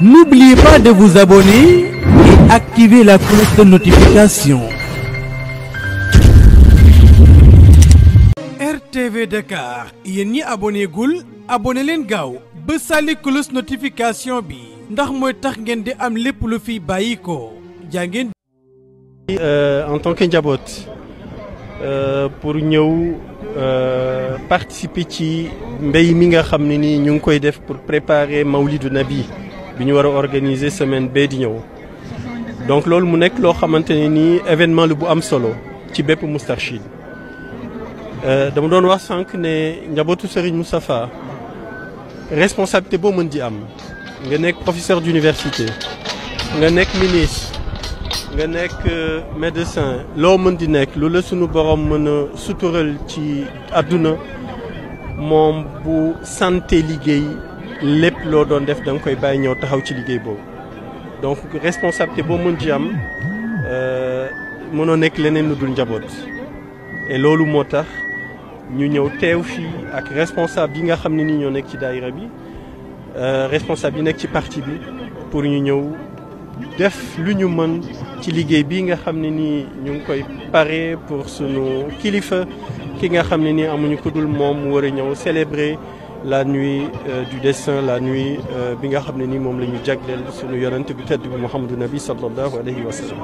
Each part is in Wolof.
N'oubliez pas de vous abonner et activer la cloche de notification. RTV Dakar yéen abonné goul? abonné len gaw, be sali cloche notification bi ndax moy tax ngeen di am lépp lu fi bayiko. ko euh, en tant que euh, pour ñëw euh, participer ci mbéy mi nga xamni ni ñu ngi koy def pour préparer Mawlidu Nabi bi ñu organiser semaine bee di donc loolu mu nekk loo xamante ne nii événement lu bu am solo ci bépp Moustarchid euh, dama doon wax sànq né njabootu Serigne Moustapha responsabilité boo mën di am nga nekk professeur d'université nga nekk ministre nga nekk euh, médecin loo mën di nekk lu la sunu borom mën a sutural ci àdduna moom bu santé liggéey lépp loo doon def da nga koy bàyyi ñëw taxaw ci liggéey boobu donc responsabilité boo mën ci am euh, mënoo nekk leneen lu dul njaboot et loolu moo tax ñu ñëw teew fii ak responsable bi nga xam ne ni ñoo nekk ci daayira bi euh, responsable yi nekk ci parti bi pour ñu ñëw def lu ñu mën ci liggéey bi nga xam ne nii ñu ngi koy pare pour sunu kilifa ki nga xam ne nii amuñu ku dul moom war a ñëw célébrer la nuit euh, du dessin, la nuit euh, bi nga xam ni moom la ñu suñu yonent bi tedd bi Mouhamadou Nabi sallallahu alayhi wa sallam.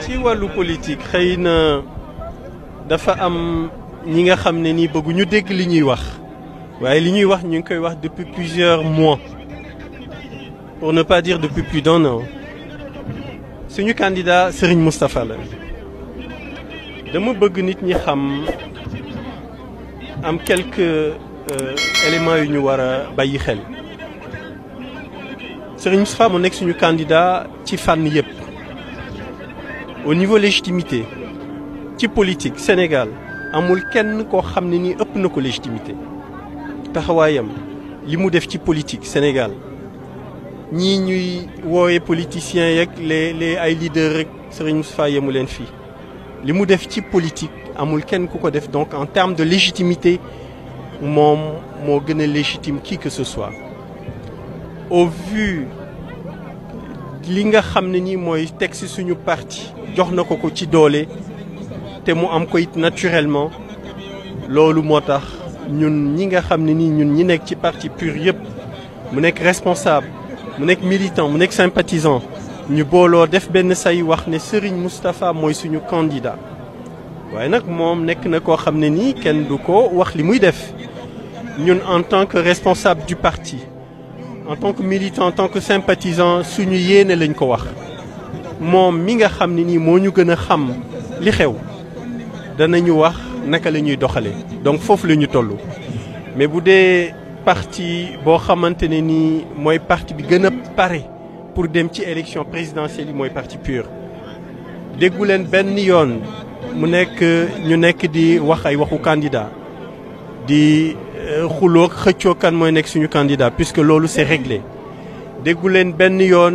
ci boo politique sëñ Moussa candidat dafa am ñi nga xam ne bëgguñu dégg li ñuy wax li ñuy wax ñu depuis plusieurs mois pour ne pas dire depuis plus d'un an suñu candidat Serigne Moustapha la dama bëgg nit ñi xam am quelques euh, éléments yu ñu wara bayyi xel Serigne Moustapha mo nekk suñu candidat ci fànn yëpp au niveau légitimité ci politique Sénégal amul kenn ko xamni ni ëpp na ko légitimité taxawayam limu def ci politique Sénégal ñi ñuy woyé politiciens yeeg les les ay leaders rek Serigne Moustapha yemu leen li mu def ci politique amul kenn ku def donc en termes de légitimité mom mo gëna légitime qui que ce soit au vu li nga xam ni moy texte suñu parti jox na ko ci doolé té mu am ko it naturellement lolu motax ñun ñi nga xam ni ñun ñi nek ci parti pur yépp mu nek responsable mu nek militant mu nek sympathisant ñu bolo def ben say wax né Serigne Moustapha moy suñu candidat waaye nak mom nek na ko xamné ni kenn du ko wax li muy def ñun en tant que responsable du parti en tant que militant en tant que sympathisant suñu yéene lañ ko wax mom mi nga xamné ni nii moo ñu xam li xew danañu wax naka lañuy doxalé donc fofu la tollu mais boudé parti bo xamanténi ni moy parti bi gëna paré pare pour des petites élections présidentielles du parti pur nous Ben benn yoon mu nekk candidats. nekk di wax ay candidat di euh, kan suñu candidat puisque lolu c'est réglé déggu ben benn yoon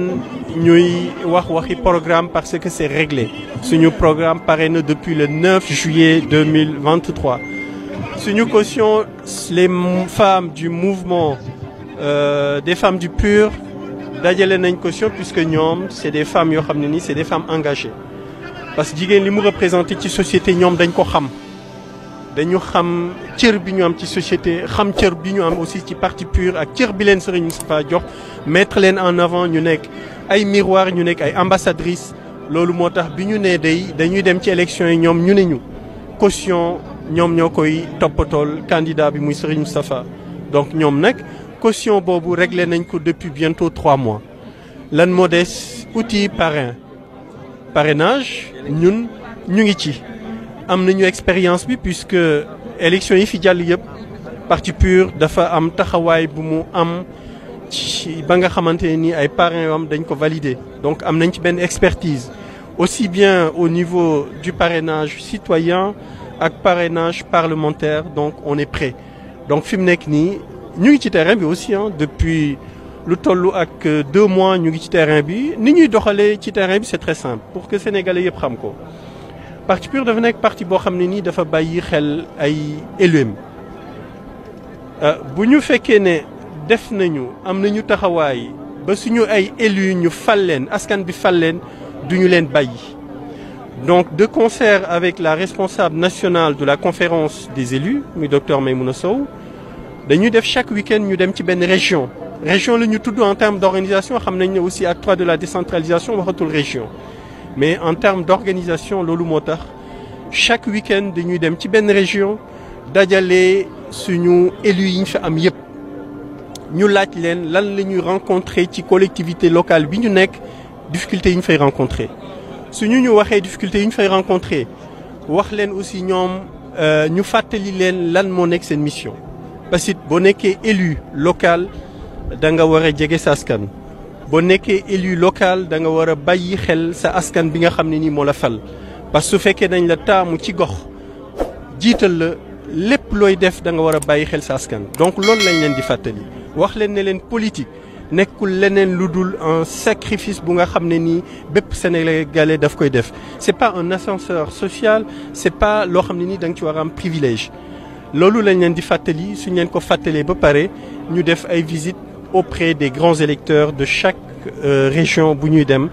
ñuy wax waxi programme parce que c'est réglé suñu programme parraine depuis le 9 juillet 2023 suñu caution les femmes du mouvement euh, des femmes du pur dajale nañ caution puisque ñom c'est des femmes yo xam ni c'est des femmes engagées parce que jigéen li mu représenté ci société ñom dañ ko xam dañu xam tier bi ñu am ci société xam tier bi ñu am aussi ci parti pur ak tier bi len Serigne Moustapha jox mettre len en avant ñu nek ay miroir ñu nek ay ambassadrice lolu motax bi ñu né day dañuy dem ci élection ñom ñu ne caution ñom ñokoy topatol candidat bi muy Serigne Moustapha donc ñom nag caution Bobu réglé nañ depuis bientôt trois mois lan modès outil parrain parrainage ñun ñu ngi ci expérience bi puisque élection yi parti pur dafa am taxaway bu mu am ba nga ay parrain donc am ci expertise aussi bien au niveau du parrainage citoyen ak parrainage parlementaire donc on est prêt donc nous ni ñu ngi ci terrain bi aussi hein depuis lu tollu ak euh, deux mois ñu ngi ci terrain bi ni ñuy doxalee ci terrain bi c'est très simple pour que sénégalais yëpp xam ko parti PUR dafa parti bo xam ni dafa bayyi xel ay élus euh, bu ñu fekkee né def nañu am nañu taxawaay ba suñu ay élu ñu falen askan bi falen duñu leen bayyi donc de concert avec la responsable nationale de la conférence des élus muy docteur Maïmouna Sow dañuy def chaque week-end ñu dem ci benn région région la ñu tudd en termes d'organisation xam nañ ne aussi ak 3 de la décentralisation waxatul région mais en termes d'organisation loolu moo tax chaque week-end dañuy dem ci benn région dajale suñu élu yi ñu fi am yépp ñu laaj leen lan la ñuy rencontrer ci collectivité locale bi ñu nekk difficulté yi ñu fay rencontrer suñu ñu waxee difficulté yi ñu fay rencontrer wax leen aussi ñoom euh, ñu fàttali leen lan moo nekk seen mission basit boo nekkee élu local da nga war a jege sa élu local da nga war a bàyyi xel sa askan bi nga xam ne nii la fal parce que su fekkee dañ la taamu ci gox jiital la lépp def da nga war a xel donc loolu lañ leen di fàttali wax leen politique nekkul leneen lu un sacrifice bu nga xam ne nii bépp sénégalais daf koy def c'est pas un ascenseur social c'est pas loo xam ne da nga privilège lolu lañ leen di fàttali suñ leen ko fàttalee ba pare ñu def ay visites auprès des grands électeurs de chaque euh, région bu dem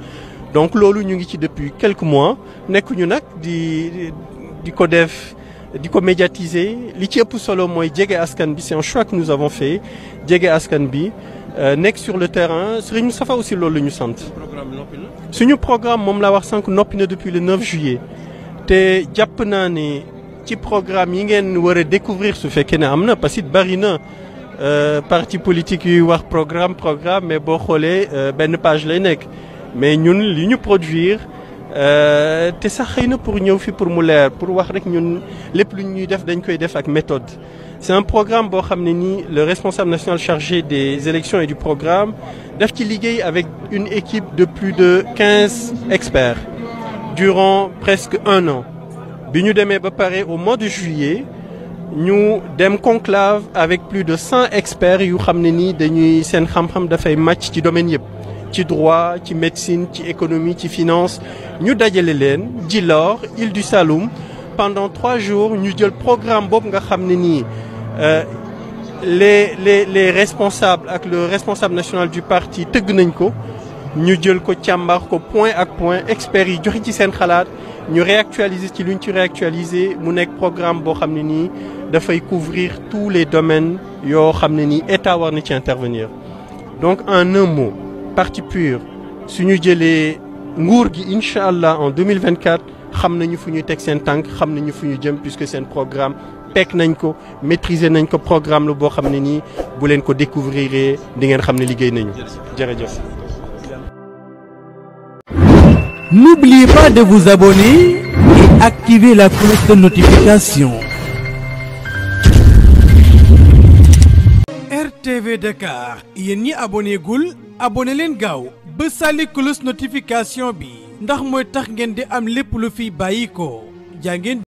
donc loolu ñu ngi ci depuis quelques mois nekkuñu nag di di ko def di ko médiatiser li ci ëpp solo mooy jege askan bi c'est un choix que nous avons fait jege askan bi euh, nekk sur le terrain Serigne Moustapha aussi loolu ñu sant. suñu programme moom la wax sànq noppi na depuis le 9 juillet te jàpp naa ne ci programme yi ngeen découvrir su fekkee ne am parce que bari euh, parti politique yu wax programme programme mais bo xolé euh, ben page lay nek mais ñun li ñu produire euh, te sax xëy pour nous fi pour mu leer pour wax rek ñun lepp lu ñuy def dañ koy def ak méthode c'est un programme bo xamné ni le responsable national chargé des élections et du programme daf ci avec une équipe de plus de 15 experts durant presque un an nous ñu préparé au mois de juillet nous dem conclave avec plus de 100 experts yu ont fait un dañuy seen xam-xam dafay ci domaine médecine, ci droit ci médecine ci économie ci finance ñu dajale leen Djilor Île du Saloum pendant trois jours ñu jël programme boobu nga xam euh, les les les responsables avec le responsable national du parti Tegnenko ñu jël ko càmbar ko point ak point experts yi joxe ci seen xalaat ñu réactualiser ci luñ ci réactualiser mu nekk programme boo xam ne nii dafay couvrir tous les domaines yoo xam ne nii état war na ci intervenir donc en un mot parti pur suñu jëlee nguur gi incha en 2024 xam nañu fu ñu teg seen tànk xam nañu fu jëm puisque seen programme pek nañ ko maîtriser nañ ko programme la boo xam ne nii bu leen ko découvrir di ngeen xam ne nañu N'oubliez pas de vous abonner et activer la cloche de notification. RTV Dakar yéen ni abonné goul, abonné len gaw, be sali cloche notification bi ndax moy tax ngeen di am lépp lu fi bayiko.